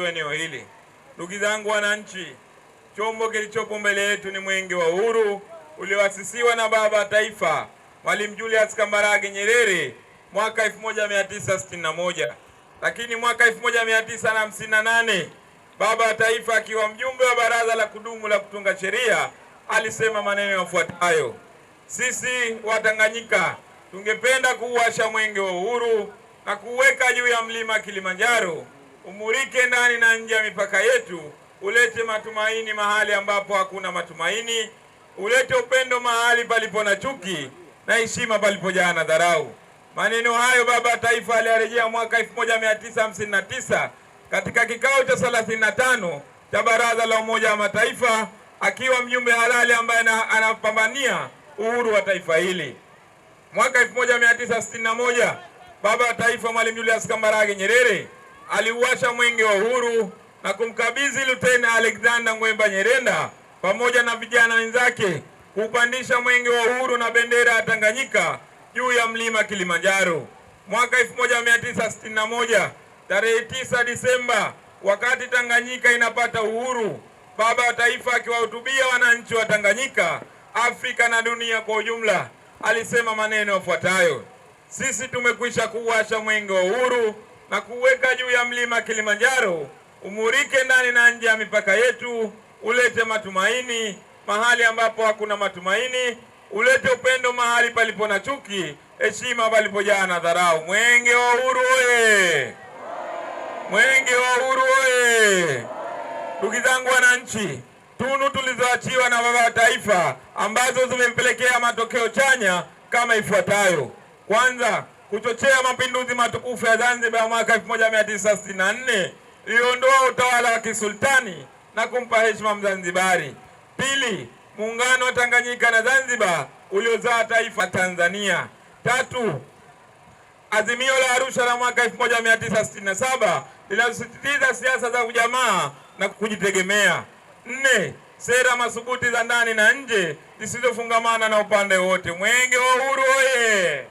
wananchi wa eneo hili. Ndugu zangu wananchi, chombo kilichopo mbele yetu ni mwenge wa uhuru ulioasisiwa na baba wa taifa Mwalimu Julius Kambarage Nyerere mwaka 1961, lakini mwaka 1958 baba wa taifa akiwa mjumbe wa baraza la kudumu la kutunga sheria alisema maneno yafuatayo: sisi Watanganyika tungependa kuuwasha mwenge wa uhuru na kuuweka juu ya mlima Kilimanjaro umurike ndani na nje ya mipaka yetu, ulete matumaini mahali ambapo hakuna matumaini, ulete upendo mahali palipo na chuki na heshima palipojaa na dharau. Maneno hayo baba wa taifa aliyarejea mwaka 1959 katika kikao cha 35 cha Baraza la Umoja wa Mataifa akiwa mjumbe halali ambaye anapambania uhuru wa taifa hili. Mwaka 1961 baba wa taifa Mwalimu Julius Kambarage Nyerere aliuacha mwenge wa uhuru na kumkabidhi Luteni Alexander Ngwemba Nyerenda pamoja na vijana wenzake kupandisha mwenge wa uhuru na bendera ya Tanganyika juu ya mlima Kilimanjaro mwaka 1961 tarehe 9 Disemba, wakati Tanganyika inapata uhuru, baba wa taifa akiwahutubia wananchi wa Tanganyika, Afrika na dunia kwa ujumla, alisema maneno yafuatayo: sisi tumekwisha kuwasha mwenge wa uhuru na kuweka juu ya mlima Kilimanjaro, umurike ndani na nje ya mipaka yetu, ulete matumaini mahali ambapo hakuna matumaini, ulete upendo mahali palipo na chuki, heshima palipojaa na dharau. Mwenge wa Uhuru oye! Mwenge wa Uhuru oye! Ndugu zangu wananchi, tunu tulizoachiwa na baba wa taifa ambazo zimempelekea matokeo chanya kama ifuatayo: kwanza kuchochea mapinduzi matukufu ya Zanzibar ya mwaka 1964 iliondoa utawala wa kisultani na kumpa heshima Mzanzibari. Pili, muungano wa Tanganyika na Zanzibar uliozaa taifa Tanzania. Tatu, azimio la Arusha la mwaka 1967 linasisitiza siasa za ujamaa na kujitegemea. Nne, sera masubuti za ndani na nje zisizofungamana na upande wote. Mwenge wa Uhuru oye!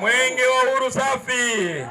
Mwenge wa Uhuru safi!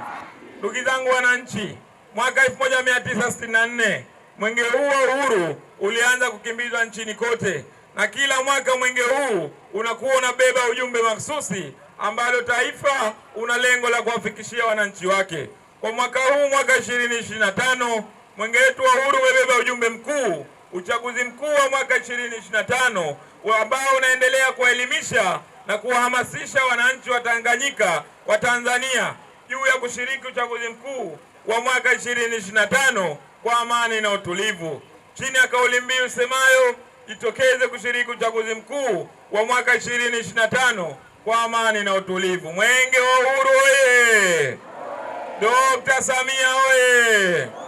Ndugu zangu wananchi, mwaka 1964 mwenge huu wa uhuru ulianza kukimbizwa nchini kote, na kila mwaka mwenge huu unakuwa unabeba ujumbe mahsusi ambalo taifa una lengo la kuwafikishia wananchi wake. Kwa mwaka huu, mwaka 2025, mwenge wetu wa uhuru umebeba ujumbe mkuu, uchaguzi mkuu wa mwaka 2025 ambao unaendelea kuwaelimisha na kuwahamasisha wananchi wa Tanganyika wa Tanzania juu ya kushiriki uchaguzi mkuu wa mwaka 2025 kwa amani na utulivu chini ya kauli mbiu semayo jitokeze kushiriki uchaguzi mkuu wa mwaka 2025 kwa amani na utulivu. Mwenge wa Uhuru oye! Dr. Samia oye!